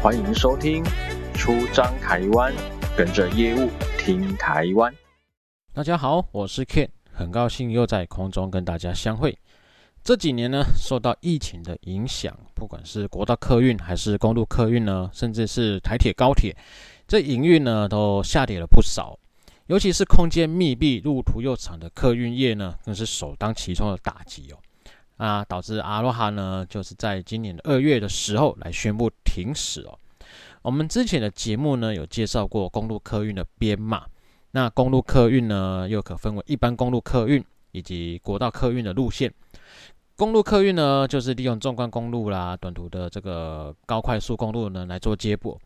歡迎收聽《出張台灣》，跟着業務聽台灣。大家好，我是 Ken，很高興又在空中跟大家相會。這幾年呢，受到疫情的影響，不管是國道客運還是公路客運呢，甚至是台鐵高鐵，這營運呢都下跌了不少。尤其是空間密閉、路途又長的客運業呢，更是首當其衝的打擊哦。啊，導致阿羅哈呢，就是在今年二月的時候來宣布停駛哦。我們之前的節目呢，有介紹過公路客運的編碼。那公路客運呢，又可分為一般公路客運以及國道客運的路線。公路客運呢，就是利用縱貫公路啦、短途的這個高快速公路呢來做接駁。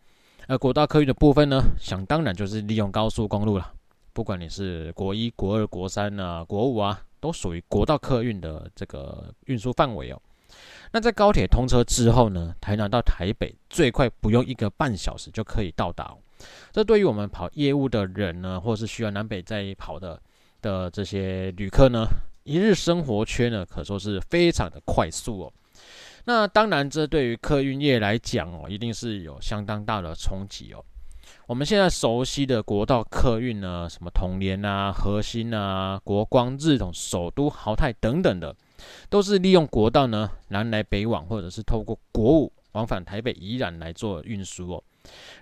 而國道客運的部分呢，想當然就是利用高速公路啦。不管你是國一、國二、國三啊、國五啊。都屬於國道客運的這個運輸範圍哦。那在高鐵通車之後呢，台南到台北最快不用一個半小時就可以到達哦。這對於我們跑業務的人呢，或是需要南北在跑的的這些旅客呢，一日生活圈呢，可說是非常的快速哦。那當然，這對於客運業來講哦，一定是有相當大的衝擊哦。我們現在熟悉的國道客運呢，什麼統聯啊、和欣啊、國光、日統、首都、豪泰等等的，都是利用國道呢南來北往，或者是透過國五往返台北、宜蘭來做運輸哦。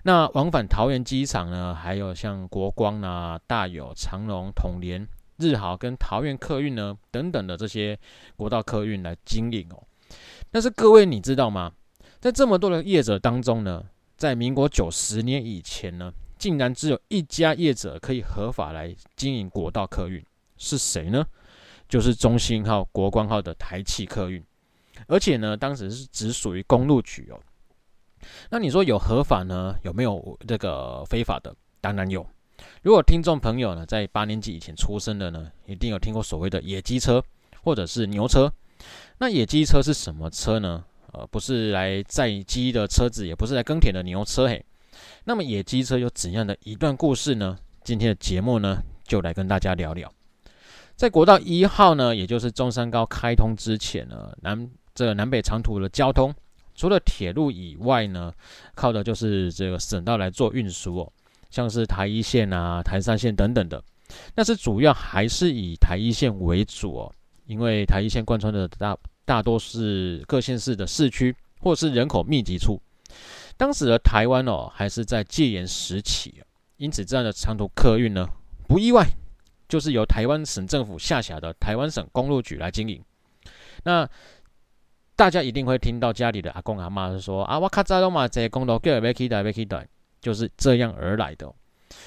那往返桃園機場呢，還有像國光啊、大有、長榮、統聯、日豪跟桃園客運呢等等的這些國道客運來經營哦。但是各位你知道嗎？在這麼多的業者當中呢？在民國九十年以前呢，竟然只有一家業者可以合法來經營國道客運，是誰呢？就是中興號、國光號的台汽客運。而且呢，當時是只屬於公路局哦。那你說有合法呢？有沒有這個非法的？當然有。如果聽眾朋友呢，在八年級以前出生的呢，一定有聽過所謂的野雞車或者是牛車。那野雞車是什麼車呢？呃，不是來載雞的車子，也不是來耕田的牛車嘿。那麼野雞車有怎樣的一段故事呢？今天的節目呢，就來跟大家聊聊。在國道一號呢，也就是中山高開通之前呢，南這個、南北長途的交通，除了鐵路以外呢，靠的就是這個省道來做運輸哦，像是台一線啊、台三線等等的。但是主要還是以台一線為主哦，因為台一線貫穿的大。大多是各縣市的市區，或者是人口密集處。當時的台灣哦，還是在戒嚴時期，因此這樣的長途客運呢，不意外，就是由台灣省政府下轄的台灣省公路局來經營。那大家一定會聽到家裡的阿公阿媽說：“啊，我卡早攏嘛這公路叫爾貝基的貝基的，就是這樣而來的。”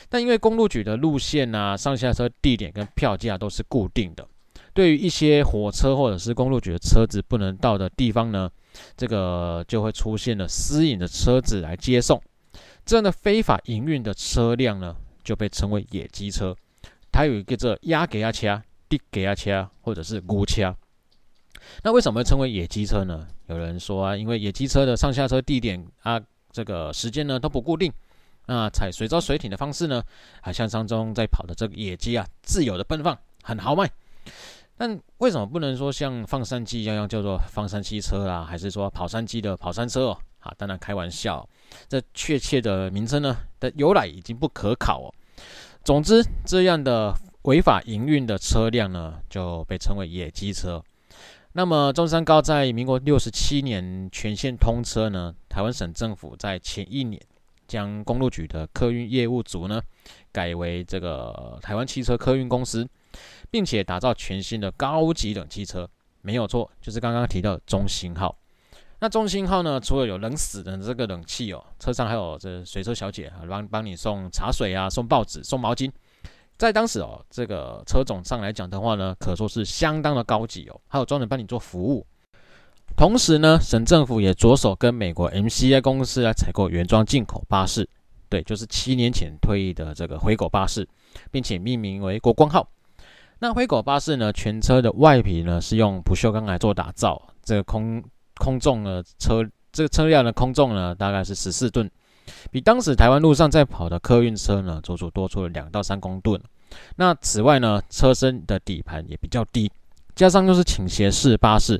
但因為公路局的路線啊、上下車地點跟票價都是固定的。對於一些火車或者是公路局的車子不能到的地方呢，這個就會出現了私營的車子來接送，這樣的非法營運的車輛呢，就被稱為野雞車。它有一個這壓給阿掐、地給阿掐，或者是咕掐。那為什麼會稱為野雞車呢？有人說啊，因為野雞車的上下車地點啊，這個時間呢都不固定。啊，踩隨招隨停的方式呢，還像山中在跑的這個野雞啊，自由的奔放，很豪邁。但為什麼不能說像放山雞一樣，樣，叫做放山雞車啦、啊，還是說跑山雞的跑山車哦？啊，當然開玩笑，這確切的名稱呢的由來已經不可考哦。總之，這樣的違法營運的車輛呢，就被稱為野雞車。那麼，中山高在民國六十七年全線通車呢，台灣省政府在前一年將公路局的客運業務組呢改為這個台灣汽車客運公司。並且打造全新的高級冷氣車，沒有錯，就是剛剛提到的中興號。那中興號呢？除了有冷死人的這個冷氣哦，車上還有這隨車小姐啊，幫幫你送茶水啊，送報紙，送毛巾。在當時哦，這個車種上來講的話呢，可說是相當的高級哦，還有專人幫你做服務。同時呢，省政府也着手跟美國 MCI 公司來採購原裝進口巴士，對，就是七年前退役的這個灰狗巴士，並且命名為國光號。那灰狗巴士呢？全車的外皮呢，是用不鏽鋼來做打造。這個空空重呢車，這個車輛的空重呢大概是十四噸，比當時台灣路上在跑的客運車呢足足多出了兩到三公噸。那此外呢，車身的底盤也比較低，加上又是傾斜式巴士，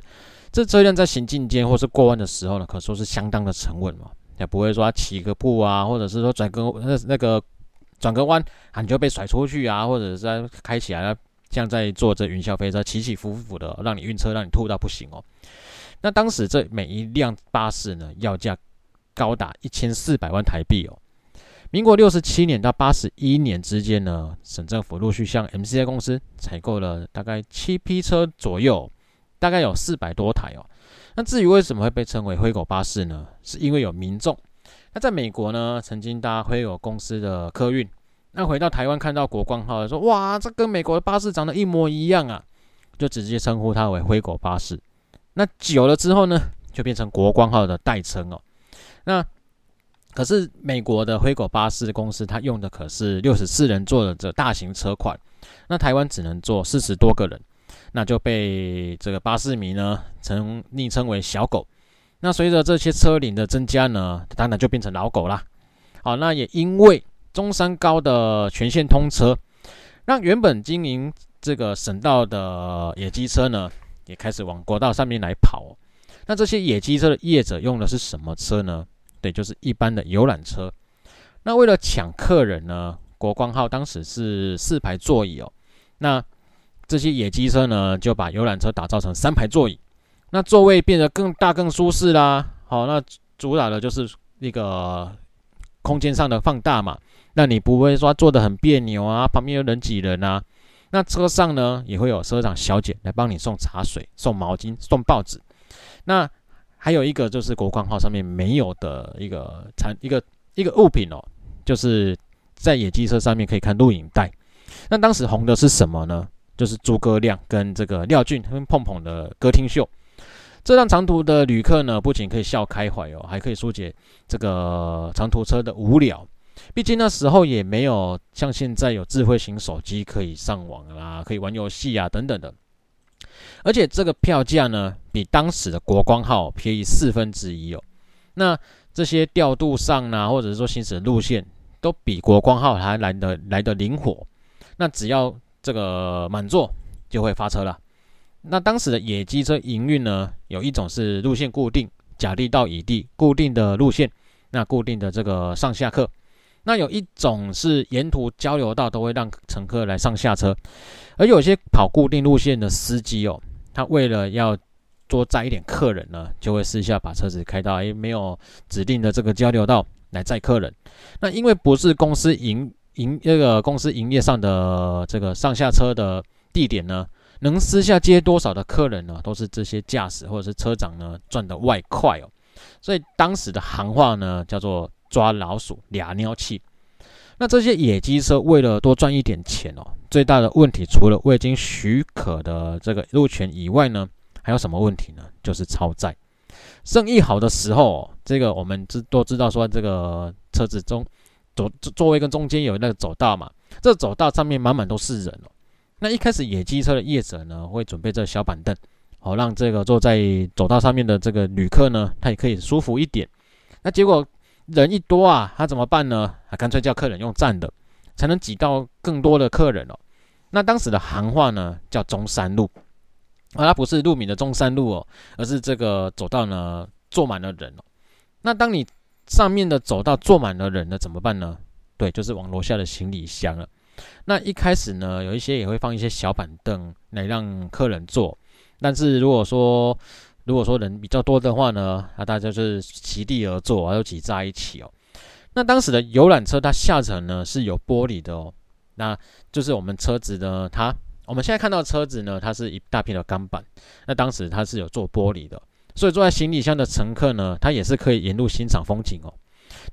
這車輛在行進間或是過彎的時候呢，可說是相當的沉穩嘛，也不會說起個步啊，或者是說轉個那那個轉個彎啊，你就被甩出去啊，或者是開起來像在坐這雲霄飛車，起起伏伏的，讓你暈車，讓你吐到不行哦。那當時這每一輛巴士呢，要價高達一千四百萬台幣哦。民國六十七年到八十一年之間呢，省政府陸續向 MCA 公司採購了大概七批車左右，大概有四百多台哦。那至於為什麼會被稱為灰狗巴士呢？是因為有民眾，那在美國呢，曾經搭灰狗公司的客運。那回到台灣看到國光號說，說哇，這跟美國的巴士長得一模一樣啊，就直接稱呼它為灰狗巴士。那久了之後呢，就變成國光號的代稱哦。那可是美國的灰狗巴士公司，它用的可是六十四人座的這大型車款，那台灣只能坐四十多個人，那就被這個巴士迷呢稱昵稱為小狗。那隨着這些車齡的增加呢，當然就變成老狗啦。好，那也因為。中山高的全線通車，讓原本經營這個省道的野雞車呢，也開始往國道上面來跑。那這些野雞車的業者用的是什麼車呢？對，就是一般的遊覽車。那為了搶客人呢，國光號當時是四排座椅哦、喔。那這些野雞車呢，就把遊覽車打造成三排座椅。那座位變得更大更舒適啦。好，那主打的就是那個空間上的放大嘛。那你不會說坐得很別扭啊？旁邊有人擠人啊？那車上呢也會有車長小姐來幫你送茶水、送毛巾、送報紙。那還有一個就是國光號上面沒有的一個產，一個一個物品哦，就是在野雞車上面可以看錄影帶。那當時紅的是什麼呢？就是豬哥亮跟這個廖峻他們碰碰的歌廳秀。這讓長途的旅客呢不僅可以笑開懷哦，還可以疏解這個長途車的無聊。畢竟那時候也沒有像現在有智慧型手機可以上網啦、啊，可以玩遊戲啊等等的。而且這個票價呢，比當時的國光號便宜四分之一哦。那這些調度上啊，或者是說行駛的路線，都比國光號還來得來得靈活。那只要這個滿座就會發車了。那當時的野雞車營運呢，有一種是路線固定，甲地到乙地固定的路線，那固定的這個上下客。那有一種是沿途交流道都會讓乘客來上下車，而有些跑固定路線的司機哦，他為了要多載一點客人呢，就會私下把車子開到哎沒有指定的這個交流道來載客人。那因為不是公司營營這個公司營業上的這個上下車的地點呢，能私下接多少的客人呢，都是這些駕駛或者是車長呢賺的外快哦。所以當時的行話呢叫做。抓老鼠，倆尿氣。那這些野雞車為了多賺一點錢哦，最大的問題除了未經許可的這個路權以外呢，還有什麼問題呢？就是超載。生意好的時候，這個我們知都知道，說這個車子中左座位跟中間有那個走道嘛，這個、走道上面滿滿都是人哦。那一開始野雞車的業者呢，會準備這小板凳，好、哦、讓這個坐在走道上面的這個旅客呢，他也可以舒服一點。那結果。人一多啊，他怎麼辦呢？啊，乾脆叫客人用站的，才能擠到更多的客人哦。那當時的行話呢，叫中山路，而，啊，它不是路名的中山路哦，而是這個走道呢坐滿了人哦。那當你上面的走道坐滿了人呢，那怎麼辦呢？對，就是往樓下的行李箱了。那一開始呢，有一些也會放一些小板凳來讓客人坐，但是如果說如果說人比較多的話呢，那大家就是席地而坐，然後擠在一起哦。那當時的遊覽車它下層呢是有玻璃的哦，那就是我們車子呢，它我們現在看到的車子呢，它是一大片的鋼板。那當時它是有做玻璃的，所以坐在行李箱的乘客呢，他也是可以沿路欣賞風景哦。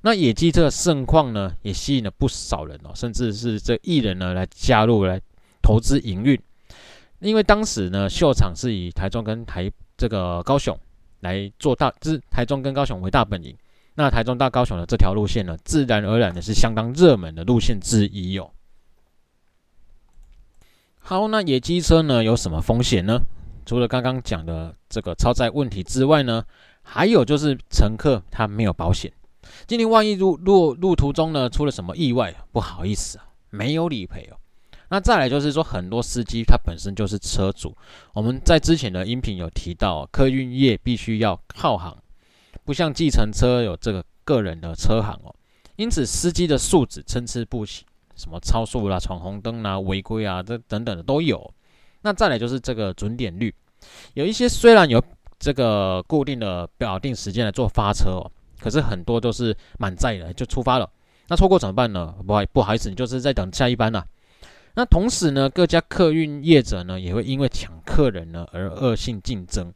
那野雞這個盛況呢，也吸引了不少人哦，甚至是這藝人呢來加入來投資營運，因為當時呢秀場是以台中跟台。這個高雄來做大，就是台中跟高雄為大本營。那台中到高雄的這條路線呢，自然而然的是相當熱門的路線之一喲、哦。好，那野雞車呢，有什麼風險呢？除了剛剛講的這個超載問題之外呢，還有就是乘客他沒有保險。今天萬一路路路途中呢出了什麼意外，不好意思啊，沒有理賠哦。那再來就是說，很多司機他本身就是車主。我們在之前的音頻有提到，客運業必須要靠行，不像計程車有這個個人的車行哦。因此，司機的素質參差不齊，什麼超速啦、闖紅燈啊、違規啊,啊，這等等的都有。那再來就是這個準點率，有一些雖然有這個固定的表定時間來做發車哦，可是很多都是滿載的就出發了。那錯過怎麼辦呢？不不好意思，你就是在等下一班了、啊。那同時呢，各家客運業者呢也會因為搶客人呢而惡性競爭。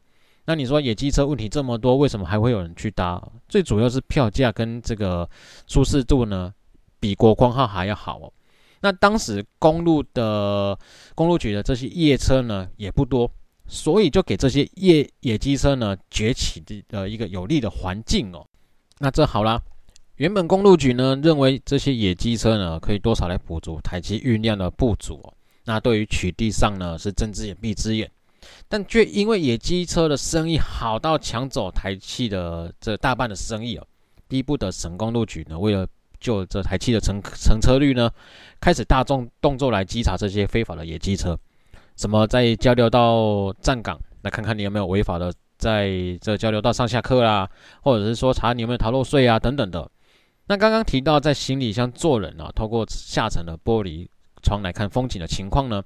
那你說野雞車問題這麼多，為什麼還會有人去搭？最主要是票價跟這個舒適度呢，比國光號還要好哦。那當時公路的公路局的這些夜車呢也不多，所以就給這些夜野雞車呢崛起的呃一個有利的環境哦。那這好啦。原本公路局呢認為這些野雞車呢可以多少來補足台汽運量的不足哦，那對於取締上呢是睜隻眼閉隻眼，但卻因為野雞車的生意好到搶走台汽的這大半的生意哦，逼不得省公路局呢為了就這台汽的乘乘車率呢，開始大眾動作來稽查這些非法的野雞車，什麼在交流道站崗，來看看你有沒有違法的在這交流道上下客啦啊，或者是說查你有沒有逃漏稅啊等等的。那剛剛提到在行李箱坐人啊，透過下層的玻璃窗來看風景的情況呢？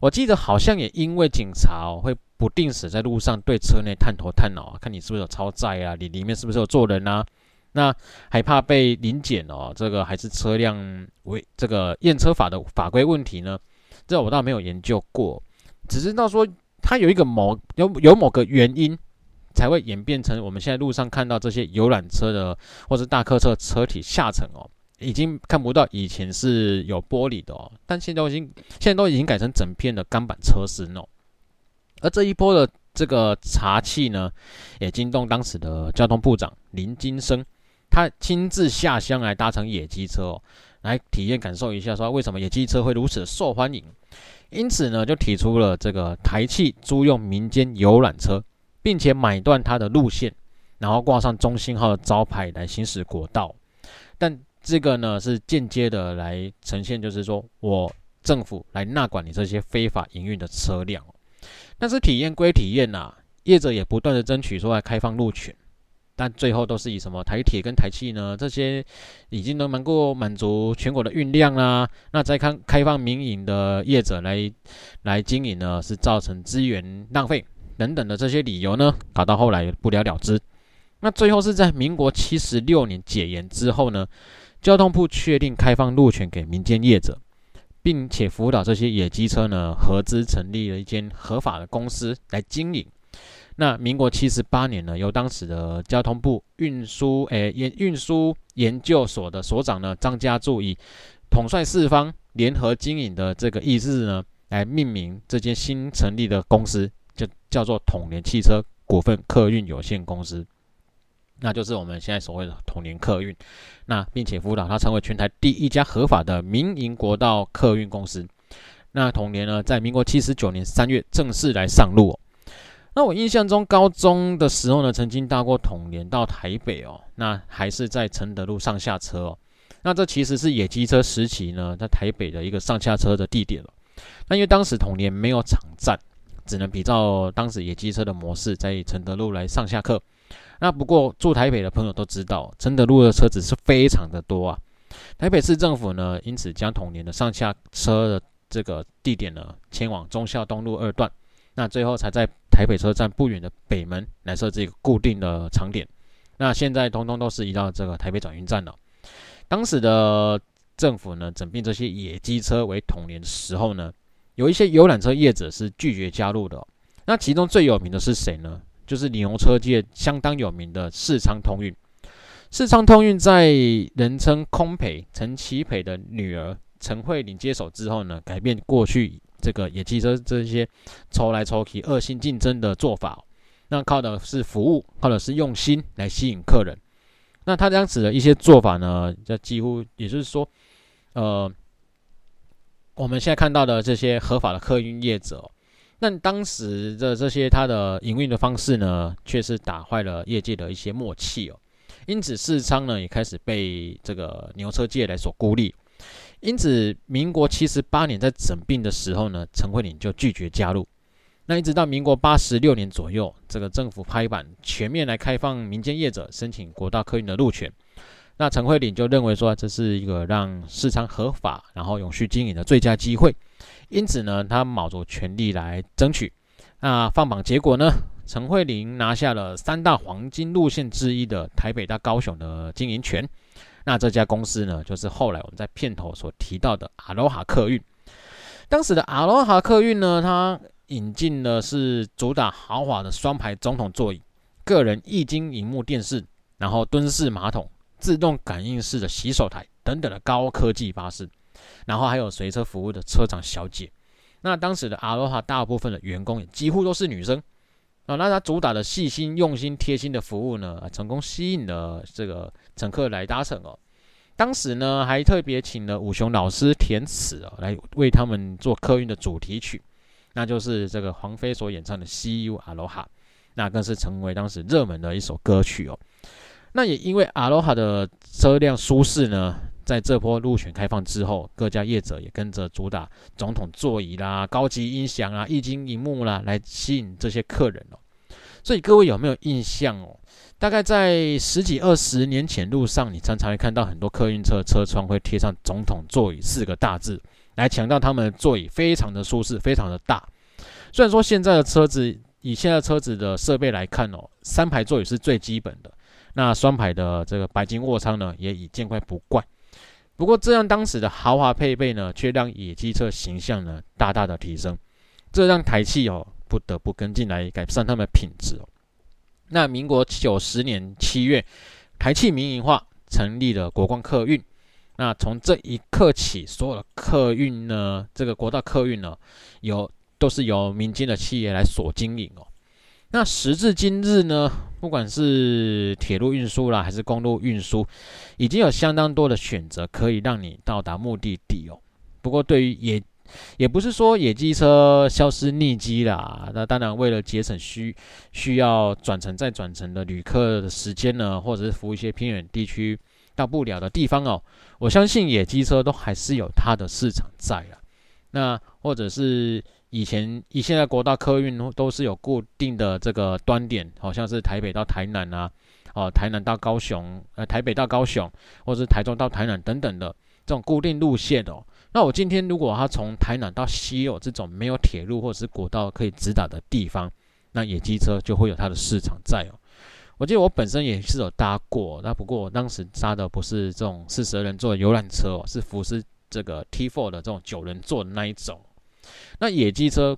我記得好像也因為警察哦，會不定時在路上對車內探頭探腦，看你是不是有超載啊，你裡面是不是有坐人啊？那還怕被臨檢哦？這個還是車輛違這個驗車法的法規問題呢？這我倒沒有研究過，只知道說它有一個某有有某個原因。才會演變成我們現在路上看到這些遊覽車的，或者大客車車體下層哦，已經看不到以前是有玻璃的哦，但現在已經現在都已經改成整片的鋼板車身哦。而這一波的這個查緝呢，也驚動當時的交通部長林金生，他親自下鄉來搭乘野雞車哦，來體驗感受一下，說為什麼野雞車會如此受歡迎，因此呢，就提出了這個台汽租用民間遊覽車。並且買斷它的路線，然後掛上中興號的招牌來行駛國道，但這個呢是間接的來呈現，就是說我政府來納管你這些非法營運的車輛。但是體驗歸體驗吶、啊，業者也不斷的爭取說來開放路權，但最後都是以什麼台鐵跟台汽呢這些已經都能夠滿足全國的運量啦。那再看開放民營的業者來來經營呢，是造成資源浪費。等等的這些理由呢，搞到後來也不了了之。那最後是在民國七十六年解嚴之後呢，交通部確定開放路權給民間業者，並且輔導這些野雞車呢，合資成立了一間合法的公司來經營。那民國七十八年呢，由當時的交通部運輸誒研運輸研究所的所長呢，張家祝以統帥四方聯合經營的這個意志呢來命名這間新成立的公司。就叫做統聯汽車股份客運有限公司，那就是我們現在所謂的統聯客運。那並且輔導它成為全台第一家合法的民營國道客運公司。那統聯呢，在民國七十九年三月正式來上路哦。那我印象中，高中的時候呢，曾經搭過統聯到台北哦。那還是在承德路上下車哦。那這其實是野雞車時期呢，在台北的一個上下車的地點了。那因為當時統聯沒有場站。只能比照當時野雞車的模式，在承德路來上下客。那不過住台北的朋友都知道，承德路的車子是非常的多啊。台北市政府呢，因此將統聯的上下車的這個地點呢，遷往忠孝東路二段。那最後才在台北車站不遠的北門來設置一個固定的場點。那現在通通都是移到這個台北轉運站了。當時的政府呢，整編這些野雞車為統聯的時候呢。有一些遊覽車業者是拒絕加入的、哦，那其中最有名的是誰呢？就是旅遊車界相當有名的世昌通運。世昌通運在人稱“空培”陳啟培的女兒陳慧玲接手之後呢，改變過去這個野雞車這些抽來抽去、惡性競爭的做法、哦，那靠的是服務，靠的是用心來吸引客人。那他這樣子的一些做法呢，這幾乎也就是說，呃。我們現在看到的這些合法的客運業者，哦，那當時的這些他的營運的方式呢，卻是打壞了業界的一些默契哦，因此世昌呢也開始被這個牛車界來所孤立，因此民國七十八年在整併的時候呢，陳慧玲就拒絕加入，那一直到民國八十六年左右，這個政府拍板全面來開放民間業者申請國道客運的路權。那陳慧玲就認為說，這是一個讓市場合法，然後永續經營的最佳機會，因此呢，她卯足全力來爭取。那放榜結果呢，陳慧琳拿下了三大黃金路線之一的台北到高雄的經營權。那這家公司呢，就是後來我們在片頭所提到的阿羅哈客運。當時的阿羅哈客運呢，它引進的是主打豪華的雙排總統座椅，個人液晶熒幕電視，然後蹲式馬桶。自動感應式的洗手台等等的高科技巴士，然後還有隨車服務的車長小姐。那當時的阿羅哈大部分的員工也幾乎都是女生啊。那他主打的細心、用心、貼心的服務呢，成功吸引了這個乘客來搭乘哦。當時呢，還特別請了武雄老師填詞哦，來為他們做客運的主題曲，那就是這個黃妃所演唱的《C U Aloha》，那更是成為當時熱門的一首歌曲哦。那也因為阿羅哈的車輛舒適呢，在這波路權開放之後，各家業者也跟着主打總統座椅啦、高級音響啊、液晶熒幕啦，來吸引這些客人哦。所以各位有沒有印象哦？大概在十幾二十年前路上，你常常會看到很多客運車車窗會貼上“總統座椅”四個大字，來強調他們的座椅非常的舒適、非常的大。雖然說現在的車子，以現在車子的設備來看哦，三排座椅是最基本的。那雙排的這個白金臥艙呢，也已見怪不怪。不過這樣當時的豪華配備呢，卻讓野雞車形象呢大大的提升。這讓台汽哦不得不跟進來改善他們的品質哦。那民國九十年七月，台汽民營化，成立了國光客運。那從這一刻起，所有的客運呢，這個國道客運呢，有都是由民間的企業來所經營哦。那時至今日呢，不管是鐵路運輸啦，還是公路運輸，已經有相當多的選擇可以讓你到達目的地哦。不過對於野，也不是說野雞車消失匿跡啦。那當然，為了節省需需要轉乘再轉乘的旅客的時間呢，或者是服務一些偏遠地區到不了的地方哦，我相信野雞車都還是有它的市場在啦。那或者是。以前以現在國道客運都是有固定的這個端點，好，哦，像是台北到台南啊，哦，台南到高雄，呃，台北到高雄，或者是台中到台南等等的這種固定路線的，哦。那我今天如果他從台南到西柚，哦，這種沒有鐵路或者是國道可以直達的地方，那野雞車就會有它的市場在哦。我記得我本身也是有搭過，那不過我當時搭的不是這種四十人座的遊覽車，哦，是福斯這個 T4 的這種九人座的那一種。那野雞車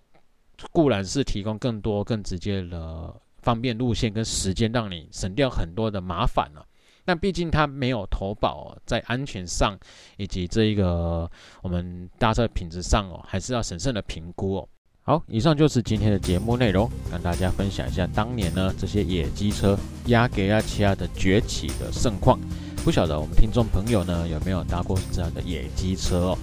固然是提供更多、更直接的方便路線跟時間，讓你省掉很多的麻煩了。那畢竟它沒有投保哦，在安全上以及這一個我們搭車品質上哦，還是要審慎的評估哦。好，以上就是今天的節目內容，跟大家分享一下當年呢這些野雞車雅戈亞奇亞的崛起的盛況。不曉得我們聽眾朋友呢有沒有搭過這樣的野雞車哦？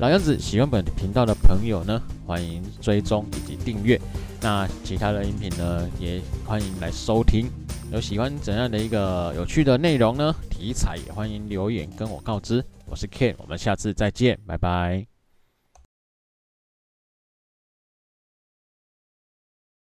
老樣子，喜歡本頻道的朋友呢，歡迎追蹤以及訂閱。那其他的音頻呢，也歡迎來收聽。有喜歡怎樣的一個有趣的內容呢？題材也歡迎留言跟我告知。我是 Ken，我們下次再見，拜拜。